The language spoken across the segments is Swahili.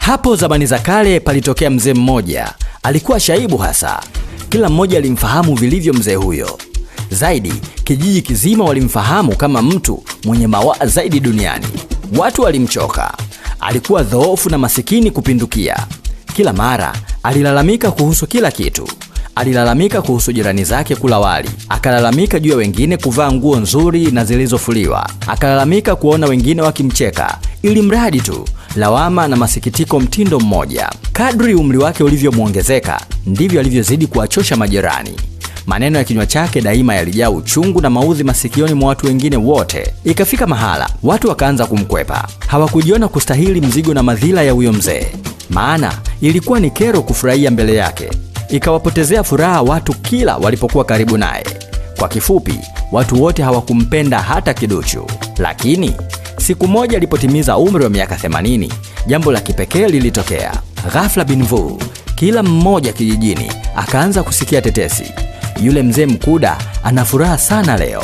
Hapo zamani za kale palitokea mzee mmoja, alikuwa shaibu hasa. Kila mmoja alimfahamu vilivyo mzee huyo. Zaidi, kijiji kizima walimfahamu kama mtu mwenye mawaa zaidi duniani. Watu walimchoka. Alikuwa dhoofu na masikini kupindukia. Kila mara alilalamika kuhusu kila kitu. Alilalamika kuhusu jirani zake kula wali, akalalamika juu ya wengine kuvaa nguo nzuri na zilizofuliwa, akalalamika kuona wengine wakimcheka, ili mradi tu lawama na masikitiko mtindo mmoja. Kadri umri wake ulivyomwongezeka, ndivyo alivyozidi kuwachosha majirani. Maneno ya kinywa chake daima yalijaa uchungu na maudhi masikioni mwa watu wengine wote. Ikafika mahala watu wakaanza kumkwepa, hawakujiona kustahili mzigo na madhila ya huyo mzee, maana ilikuwa ni kero kufurahia mbele yake. Ikawapotezea furaha watu kila walipokuwa karibu naye. Kwa kifupi, watu wote hawakumpenda hata kiduchu. Lakini Siku moja alipotimiza umri wa miaka 80, jambo la kipekee lilitokea. Ghafla bin vu, kila mmoja kijijini akaanza kusikia tetesi, yule mzee Mkuda ana furaha sana leo,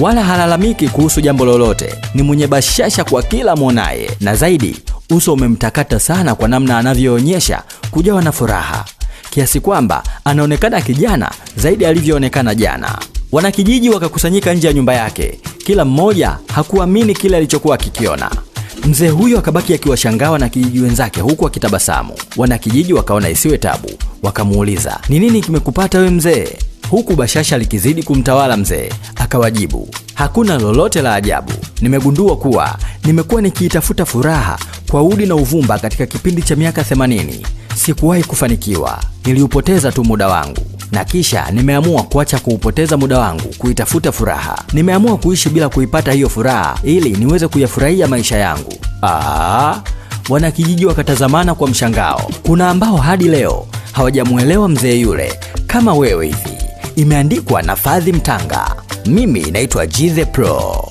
wala halalamiki kuhusu jambo lolote, ni mwenye bashasha kwa kila mwonaye, na zaidi uso umemtakata sana kwa namna anavyoonyesha kujawa na furaha kiasi kwamba anaonekana kijana zaidi alivyoonekana jana. Wanakijiji wakakusanyika nje ya nyumba yake kila mmoja hakuamini kile alichokuwa akikiona. Mzee huyo akabaki akiwashangawa na kijiji wenzake huku akitabasamu. Wanakijiji wakaona isiwe tabu, wakamuuliza ni nini kimekupata we mzee? Huku bashasha likizidi kumtawala mzee, akawajibu hakuna lolote la ajabu. Nimegundua kuwa nimekuwa nikiitafuta furaha kwa udi na uvumba katika kipindi cha miaka 80. Sikuwahi kufanikiwa, niliupoteza tu muda wangu na kisha nimeamua kuacha kuupoteza muda wangu kuitafuta furaha. Nimeamua kuishi bila kuipata hiyo furaha ili niweze kuyafurahia maisha yangu. Aa, wanakijiji wakatazamana kwa mshangao. Kuna ambao hadi leo hawajamwelewa mzee yule. Kama wewe hivi. Imeandikwa na Fadhi Mtanga. Mimi naitwa Jize Pro.